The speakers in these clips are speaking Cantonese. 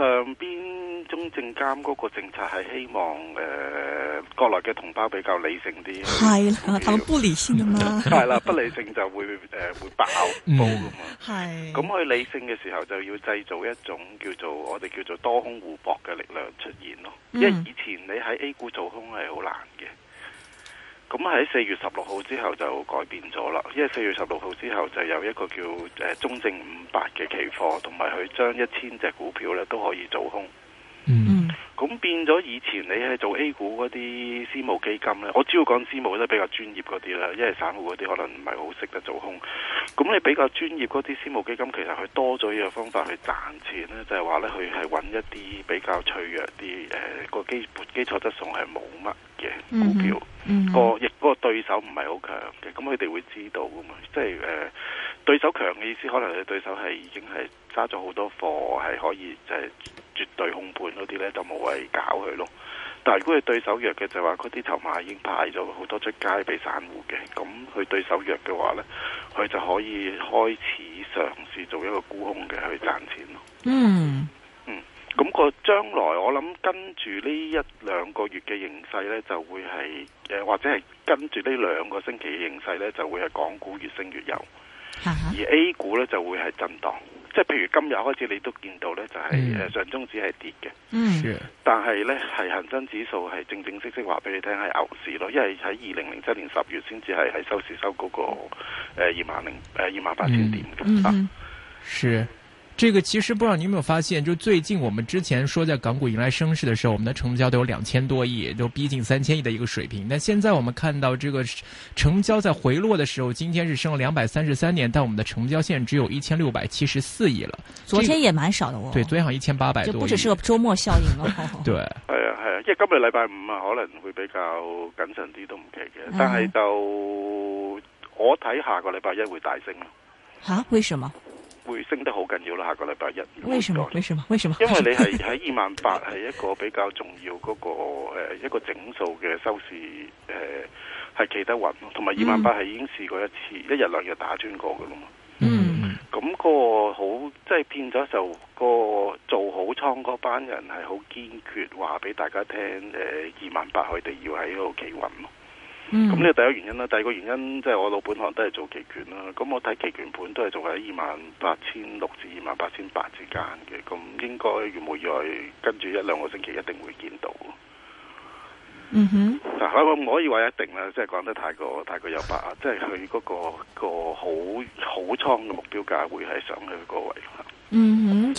上、嗯、邊中政監中證監嗰個政策係希望誒、呃、國內嘅同胞比較理性啲，係啦 的，佢哋不理性嘅嘛，係啦，不理性就會誒、呃、 會爆煲噶嘛，係。咁佢理性嘅時候就要製造一種叫做我哋叫做多空互搏嘅力量出現咯，嗯、因為以前你喺 A 股做空係好難嘅。咁喺四月十六號之後就改變咗啦，因為四月十六號之後就有一個叫誒、中證五百嘅期貨，同埋佢將一千隻股票咧都可以做空。嗯、mm，咁、hmm. 變咗以前你係做 A 股嗰啲私募基金咧，我主要講私募都比較專業嗰啲啦，因為散戶嗰啲可能唔係好識得做空。咁你比較專業嗰啲私募基金，其實佢多咗呢個方法去賺錢咧，就係話咧，佢係搵一啲比較脆弱啲，誒、那個基基礎質素係冇乜。股票，個亦嗰個對手唔係好強嘅，咁佢哋會知道噶嘛，即係誒、呃、對手強嘅意思，可能你對手係已經係揸咗好多貨，係可以即係絕對控盤嗰啲咧，就冇謂搞佢咯。但係如果佢對手弱嘅，就話嗰啲籌碼已經派咗好多出街俾散戶嘅，咁佢對手弱嘅話咧，佢就可以開始嘗試做一個沽空嘅去賺錢咯。嗯。咁個將來我諗跟住呢一兩個月嘅形勢咧，就會係誒、呃、或者係跟住呢兩個星期嘅形勢咧，就會係港股越升越有，而 A 股咧就會係震盪。即係譬如今日開始你都見到咧，就係、是、誒上中指係跌嘅，嗯，但係咧係恒生指數係正正式式話俾你聽係牛市咯，因為喺二零零七年十月先至係喺收市收嗰、那個誒、嗯嗯、二萬零誒二萬八千點嘅啊，嗯嗯、是。.這個其實不知道您有沒有發現，就最近我們之前說在港股迎來升勢的時候，我們的成交都有兩千多億，都逼近三千億的一個水平。但現在我們看到這個成交在回落的時候，今天是升了兩百三十三點，但我們的成交線只有一千六百七十四億了。昨天也蠻少的哦。對，昨天好像一千八百多。不只是個周末效應了。 還好對，係啊係啊，因為今日禮拜五啊，可能會比較謹慎啲都唔奇嘅，嗯、但係就我睇下個禮拜一會大升啊？為什麼？會升得好緊要啦！下個禮拜一為，為什麼？為什麼？為什麼？ 因為你係喺二萬八係一個比較重要嗰、嗰個、呃、一個整數嘅收市誒係企得穩，同埋二萬八係已經試過一次，嗯、一日兩日打穿過嘅咯。嗯，咁、嗯、個好即係變咗就個做好倉嗰班人係好堅決話俾大家聽，誒二萬八佢哋要喺嗰度企穩咯。咁呢個第一個原因啦，第二個原因即係、就是、我老本行都係做期權啦。咁我睇期權盤都係仲喺二萬八千六至二萬八千八之間嘅，咁應該原本以為跟住一兩個星期一定會見到。嗯哼，嗱、啊，我唔可以話一定啦，即係講得太過，太過有把握，即係佢嗰個、那個好好倉嘅目標價會係上去嗰位。嗯哼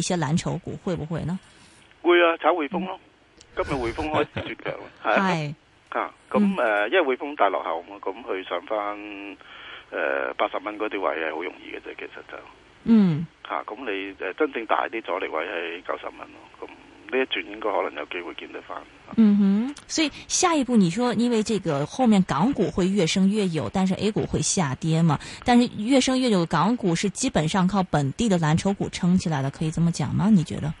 一些藍籌股會唔會呢？會啊，炒匯豐咯。嗯、今日匯豐開始絕強，係 啊。咁誒是，啊嗯、因為匯豐大落後，咁去上翻誒八十蚊嗰啲位係好容易嘅啫。其實就嗯吓，咁、啊、你誒真正大啲阻力位係九十蚊咯。咁。呢一轉應該可能有機會見得翻。嗯哼，所以下一步你說，因為這個後面港股會越升越有，但是 A 股會下跌嘛？但是越升越有港股是基本上靠本地的藍籌股撐起來的，可以這麼講嗎？你覺得？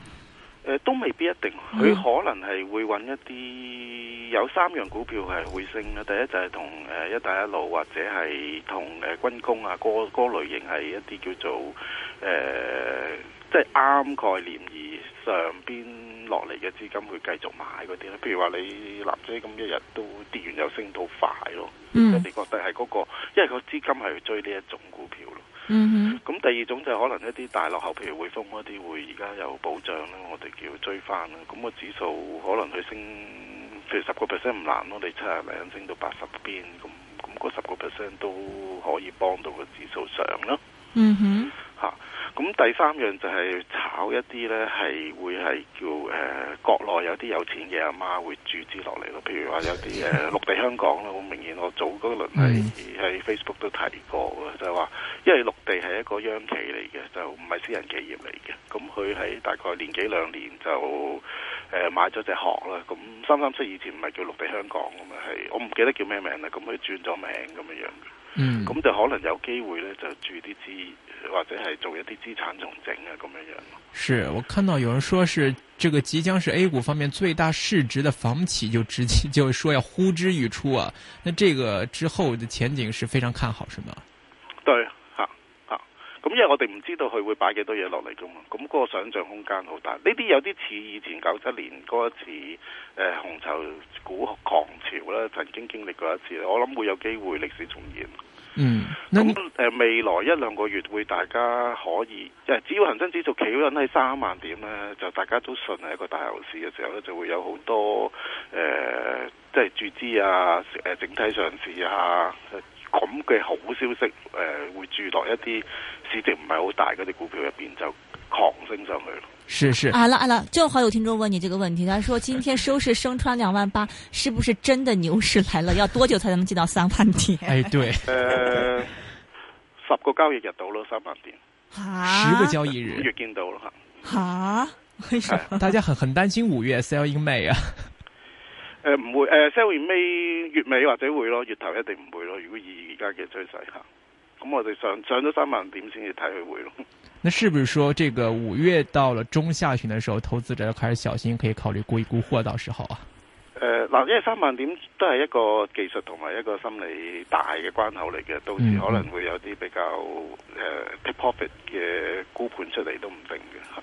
呃，都未必一定，佢可能係會揾一啲有三樣股票係會升啦。第一就係同誒一帶一路或者係同誒軍工啊，嗰嗰類型係一啲叫做誒即係啱概念而上邊。落嚟嘅資金去繼續買嗰啲咧，譬如話你藍籌咁一日都跌完又升到快咯，嗯，你覺得係嗰、那個，因為個資金係追呢一種股票咯，嗯咁、mm hmm. 第二種就係可能一啲大落後，譬如匯豐嗰啲會而家又補漲啦，我哋叫追翻啦，咁、那個指數可能佢升譬如十個 percent 唔難咯，你七十零升到八十邊，咁咁、那個十個 percent 都可以幫到個指數上咯，嗯哼、mm。Hmm. 咁第三樣就係炒一啲呢係會係叫誒、呃、國內有啲有錢嘅阿媽會注資落嚟咯。譬如話有啲誒、呃、陸地香港咯，好明顯我早嗰輪喺 Facebook 都提過嘅，就係、是、話因為陸地係一個央企嚟嘅，就唔係私人企業嚟嘅。咁佢係大概年幾兩年就誒、呃、買咗隻殼啦。咁三三七以前唔係叫陸地香港咁啊，係我唔記得叫咩名啦。咁佢轉咗名咁樣樣。嗯，咁就可能有機會呢，就注啲資或者係做一啲資產重整啊，咁樣樣。是，我看到有人說是，這個即將是 A 股方面最大市值的房企，就直接就說要呼之欲出啊。那這個之後的前景是非常看好，是嗎？因係我哋唔知道佢會擺幾多嘢落嚟噶嘛，咁、那、嗰個想象空間好大。呢啲有啲似以前九七年嗰一次誒、呃、紅籌股狂潮啦，曾經經歷過一次，我諗會有機會歷史重演。嗯，咁未來一兩個月會大家可以，即只要恒生指數企穩喺三萬點咧，就大家都信係一個大牛市嘅時候咧，就會有好多誒，即、呃、係、就是、注資啊，整體上市呀，啊。咁嘅好消息，誒、呃，會注落一啲市值唔係好大嗰啲股票入邊，就狂升上去咯。是是，係啦、啊啊、好啦，有好多聽眾問你這個問題，他說：今天收市升穿兩萬八，是不是真的牛市來了？要多久才能見到三萬點？誒、哎，對、呃，十個交易日到咯三萬點，哈十個交易日五月見到咯，吓，大家很很擔心五月 sell in May 啊。誒唔、呃、會誒，sell、呃、完尾月尾或者會咯，月頭一定唔會咯。如果以而家嘅趨勢吓，咁、啊、我哋上上咗三萬點先至睇佢會咯。那是不是說，這個五月到了中下旬的時候，投資者開始小心，可以考慮沽一沽貨，到時候啊？誒、呃，嗱、呃，因為三萬點都係一個技術同埋一個心理大嘅關口嚟嘅，到時可能會有啲比較誒 take、嗯呃、profit 嘅沽盤出嚟都唔定嘅吓。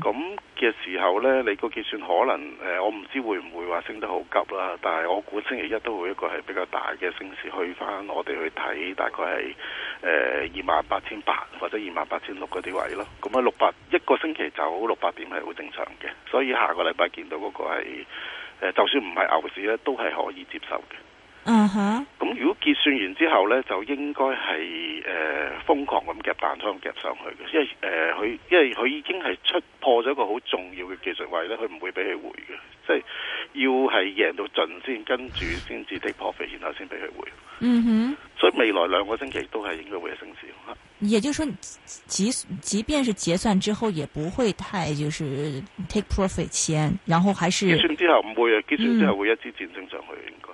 咁嘅時候呢，你個計算可能誒，我唔知會唔會話升得好急啦。但係我估星期一都會一個係比較大嘅升市，去翻我哋去睇，大概係誒二萬八千八或者二萬八千六嗰啲位咯。咁啊，六百一個星期走六百點係好正常嘅，所以下個禮拜見到嗰個係誒，就算唔係牛市呢，都係可以接受嘅。嗯哼，咁，uh huh. 如果結算完之後咧，就應該係誒、呃、瘋狂咁夾彈倉夾上去嘅，因為誒佢、呃、因為佢已經係出破咗一個好重要嘅技術位咧，佢唔會俾佢回嘅，即係要係贏到盡先，跟住先至 take profit，然後先俾佢回。嗯哼、uh，huh. 所以未來兩個星期都係應該會有升市吓，也就是說，即即便是結算之後，也不會太就是 take profit 先，然後還是結算之後唔會啊，結算之後會一支箭升上去應該。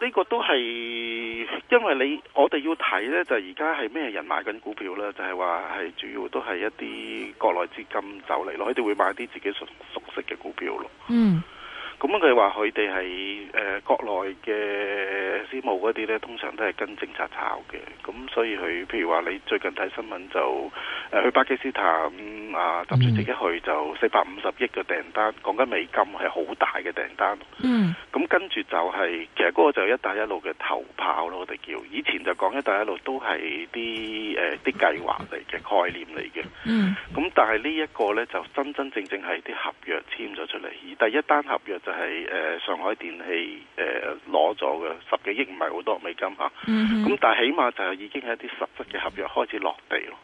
呢個都係因為你我哋要睇呢，就而家係咩人買緊股票呢？就係話係主要都係一啲國內資金走嚟咯，佢哋會買啲自己熟熟悉嘅股票咯。嗯。咁佢話佢哋係誒國內嘅私募嗰啲呢，通常都係跟政策炒嘅，咁所以佢譬如話你最近睇新聞就誒、呃、去巴基斯坦啊，搭住自己去就四百五十億嘅訂單，講緊、嗯、美金係好大嘅訂單。嗯，咁跟住就係、是、其實嗰個就係一帶一路嘅頭炮咯，我哋叫以前就講一帶一路都係啲誒啲計劃嚟嘅概念嚟嘅。嗯，咁但係呢一個呢，就真真正正係啲合約簽咗出嚟，而第一單合約、就係就係誒，上海電氣誒攞咗嘅十幾億唔係好多美金吓，咁、mm hmm. 但係起碼就係已經係一啲實質嘅合約開始落地咯。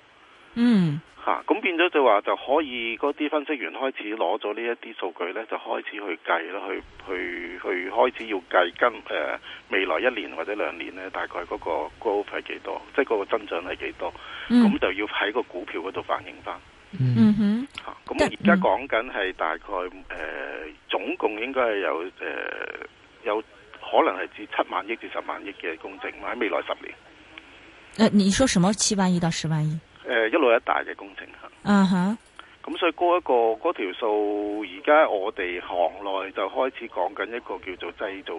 嗯、mm，吓、hmm. 咁、啊、變咗就話就可以嗰啲分析員開始攞咗呢一啲數據咧，就開始去計啦，去去去開始要計跟誒、uh, 未來一年或者兩年咧，大概嗰個 growth 係幾多，即係嗰個增長係幾多，咁、mm hmm. 就要喺個股票嗰度反映翻。嗯、mm hmm. 咁而家講緊係大概誒、呃，總共應該係有誒、呃，有可能係至七萬億至十萬億嘅工程，喺未來十年。誒、呃，你說什麼七萬億到十萬億？誒、呃，一路一大嘅工程吓。咁、uh huh. 嗯、所以嗰一個嗰條數，而家我哋行內就開始講緊一個叫做製造。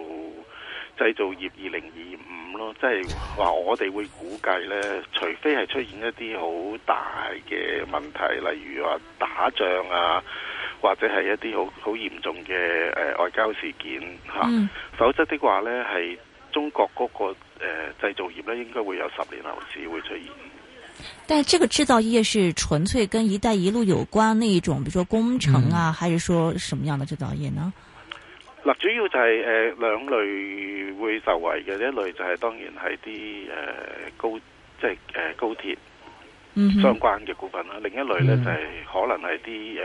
製造業二零二五咯，即係話我哋會估計呢，除非係出現一啲好大嘅問題，例如話打仗啊，或者係一啲好好嚴重嘅，呃、外交事件吓，啊嗯、否則的話呢，係中國嗰，那個製、呃、製造業呢應該會有十年牛市會出現。但係，這個製造業是純粹跟一帶一路有關那種，比如說工程啊，嗯、還是說什麼樣的製造業呢？嗱，主要就係、是、誒、呃、兩類會受惠嘅，一類就係、是、當然係啲誒高，即係誒、呃、高鐵相關嘅股份啦。Mm hmm. 另一類咧、mm hmm. 就係可能係啲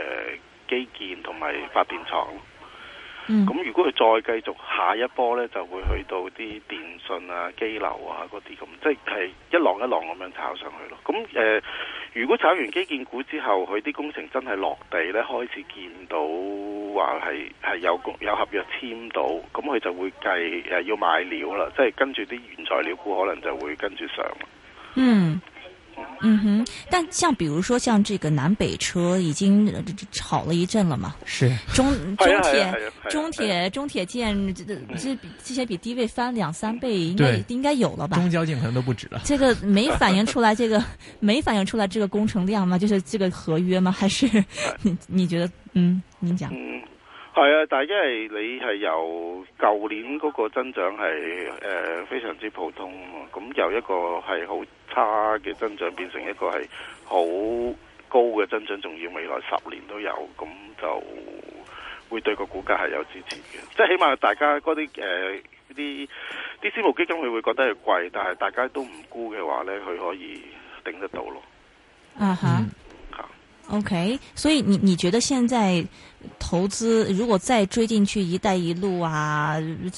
誒基建同埋發電廠。咁、mm hmm. 如果佢再繼續下一波咧，就會去到啲電信啊、機樓啊嗰啲咁，即係、就是、一浪一浪咁樣炒上去咯。咁誒、呃，如果炒完基建股之後，佢啲工程真係落地咧，開始見到。話係係有有合約簽到，咁佢就會計誒要買料啦，即係跟住啲原材料股可能就會跟住上。嗯嗯哼，但像比如說像這個南北車已經炒了一陣了嘛，是中中，中鐵、中鐵、中鐵建這這這些比低位翻兩三倍，應該對應該有了吧？中交建可能都不止了。這個沒反映出來，這個 沒反映出來，這個工程量嗎？就是這個合約嗎？還是你對你覺得嗯，你講？嗯係啊，但係因為你係由舊年嗰個增長係誒、呃、非常之普通啊，咁由一個係好差嘅增長變成一個係好高嘅增長，仲要未來十年都有，咁就會對個股價係有支持嘅。即係起碼大家嗰啲誒啲啲私募基金佢會覺得係貴，但係大家都唔估嘅話咧，佢可以頂得到咯。啊哈、Uh-huh. 嗯，OK，所以你你覺得現在？投資如果再追進去一帶一路啊，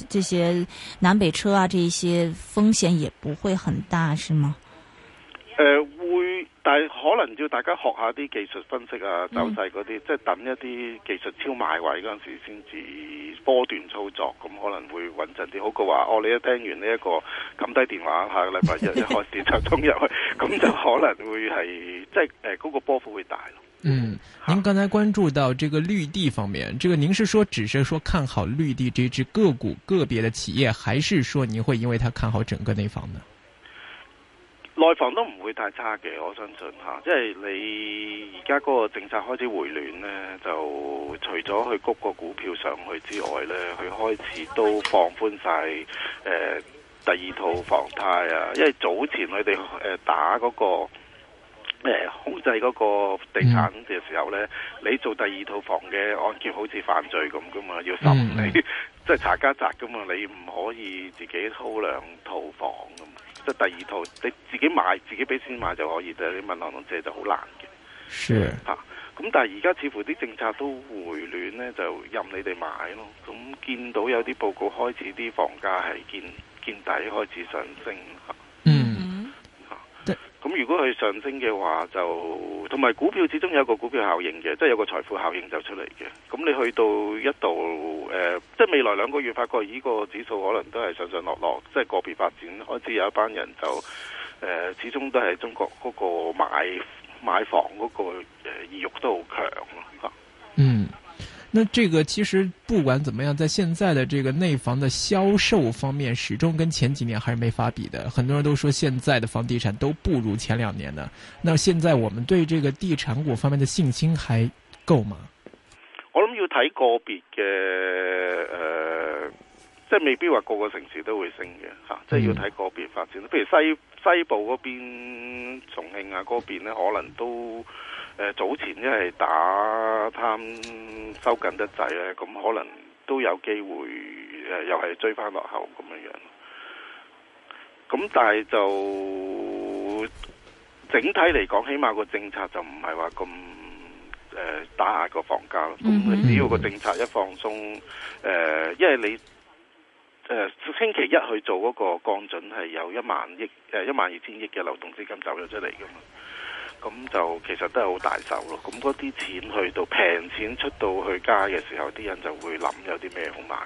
這些南北車啊，這些風險也不會很大，是嗎？誒、呃，會但係可能要大家學下啲技術分析啊，走勢嗰啲，嗯、即係等一啲技術超賣位嗰陣時，先至波段操作，咁可能會穩陣啲。好過話，我、哦、你一聽完呢、這、一個撳低電話，下個禮拜一一開始就衝入 去，咁就可能會係 即係誒嗰個波幅會大咯。嗯，您剛才關注到這個綠地方面，這個您是說只是說看好綠地這隻個股個別的企業，還是說您會因為它看好整個內房呢？內房都唔會太差嘅，我相信吓，啊，即係你而家嗰個政策開始回暖咧，就除咗去谷個股票上去之外咧，佢開始都放寬晒誒、呃、第二套房貸啊，因為早前佢哋誒打嗰個。誒控制嗰個地產嘅時候呢，嗯、你做第二套房嘅案件好似犯罪咁噶嘛，要審理，即係、嗯嗯、 查家宅噶嘛，你唔可以自己掏兩套房噶嘛，即、就是、第二套你自己買自己俾錢買就可以，但你問銀行借就好難嘅。是咁、啊、但係而家似乎啲政策都回暖呢，就任你哋買咯。咁見到有啲報告，開始啲房價係見見底開始上升。如果去上升嘅話就，就同埋股票始終有一個股票效應嘅，即、就、係、是、有個財富效應就出嚟嘅。咁你去到一度，誒、呃，即、就、係、是、未來兩個月，發覺，咦，個指數可能都係上上落落，即、就、係、是、個別發展，開始有一班人就誒、呃、始終都係中國嗰個買買房嗰個誒意欲都好強咯。啊那這個其實不管怎麼樣，在現在的這個內房的銷售方面，始終跟前幾年還是沒法比的。很多人都說現在的房地產都不如前兩年的。那現在我們對這個地產股方面的信心還夠嗎？我諗要睇個別嘅，呃，即係、就是、未必話個個城市都會升嘅，吓、啊，即、就、係、是、要睇個別發展。譬、嗯、如西西部嗰邊重慶啊嗰邊呢，可能都。誒、呃，早前因為打貪收緊得滯咧，咁可能都有機會誒、呃，又係追翻落後咁樣樣。咁但係就整體嚟講，起碼個政策就唔係話咁誒打壓個房價咯。咁、mm hmm. 只要個政策一放鬆，誒、呃，因為你誒、呃、星期一去做嗰個降準係有一萬億誒、呃、一萬二千億嘅流動資金走咗出嚟噶嘛。咁就其實都係好大手咯。咁嗰啲錢去到平錢出到去加嘅時候，啲人就會諗有啲咩好買。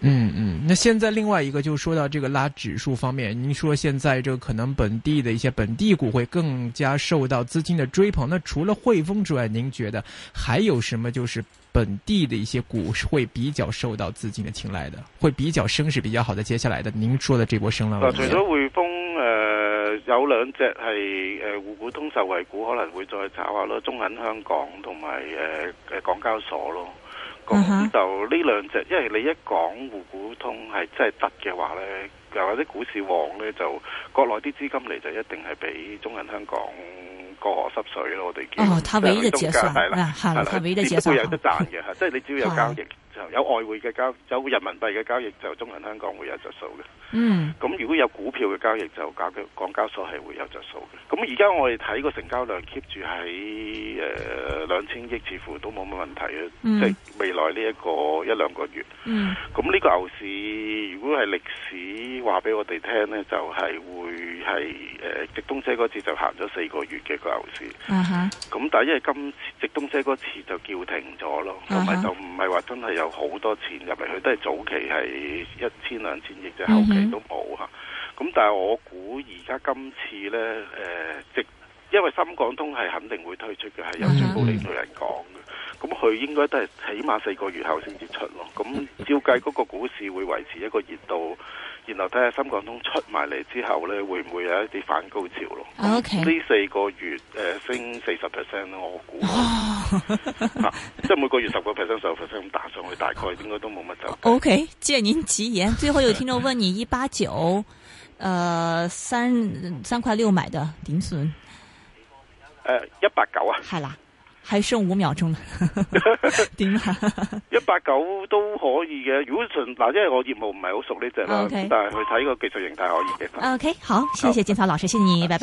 嗯嗯，那現在另外一個就說到這個拉指數方面，您說現在就可能本地的一些本地股會更加受到資金的追捧。那除了匯豐之外，您覺得還有什麼就是本地的一些股會比較受到資金的青睞的，會比較升勢比較好的，接下來的您說的這波升浪？那匯豐。有兩隻係誒滬股通受惠股可能會再炒下咯，中銀香港同埋誒誒港交所咯。咁、uh huh. 就呢兩隻，因為你一講滬股通係真係得嘅話咧，又或者股市旺咧，就國內啲資金嚟就一定係畀中銀香港過河濕水咯。Uh huh. 我哋見係啦，係啦、uh，係、huh. 啦，係啦、uh，必、huh. uh huh. 會有得賺嘅，即係你只要有交易。Uh huh. 有外匯嘅交有人民幣嘅交易，就中銀香港會有著數嘅，嗯，咁如果有股票嘅交易就交港交所係會有著數嘅。咁而家我哋睇個成交量 keep 住喺誒兩千億，呃、億似乎都冇乜問題嘅。嗯、即係未來呢一個一兩個月，咁呢個牛市如果係歷史話俾我哋聽呢，就係會係誒直通車嗰次就行咗四個月嘅個牛市，咁、就是呃嗯、哼但係因為今次直通車嗰次就叫停咗咯，同埋就唔係話真係有。好多錢入嚟，佢都係早期係一千兩千億，就後期都冇嚇。咁、mm hmm. 但係我估而家今次呢，誒、呃、即因為深港通係肯定會推出嘅，係有最高領導人講嘅。咁佢應該都係起碼四個月後先至出咯。咁照計嗰個股市會維持一個熱度。然後睇下深港通出埋嚟之後咧，會唔會有一啲反高潮咯？O K，呢四個月誒、呃、升四十 percent 咯，我估。Oh. 啊， 即係每個月十個 percent、十五 percent 咁打上去，大概應該都冇乜走。O、oh. K，、okay. 借您吉言。最後有聽眾問你一八九，誒三三塊六買嘅點算？誒一八九啊，係啦。還剩五秒鐘啦，點？一八九都可以嘅，如果純嗱，因為我業務唔係好熟呢隻啦，Okay. 但係去睇個技術形態可以嘅。O、okay, K，好，謝謝金曹老師，好謝謝你，拜拜。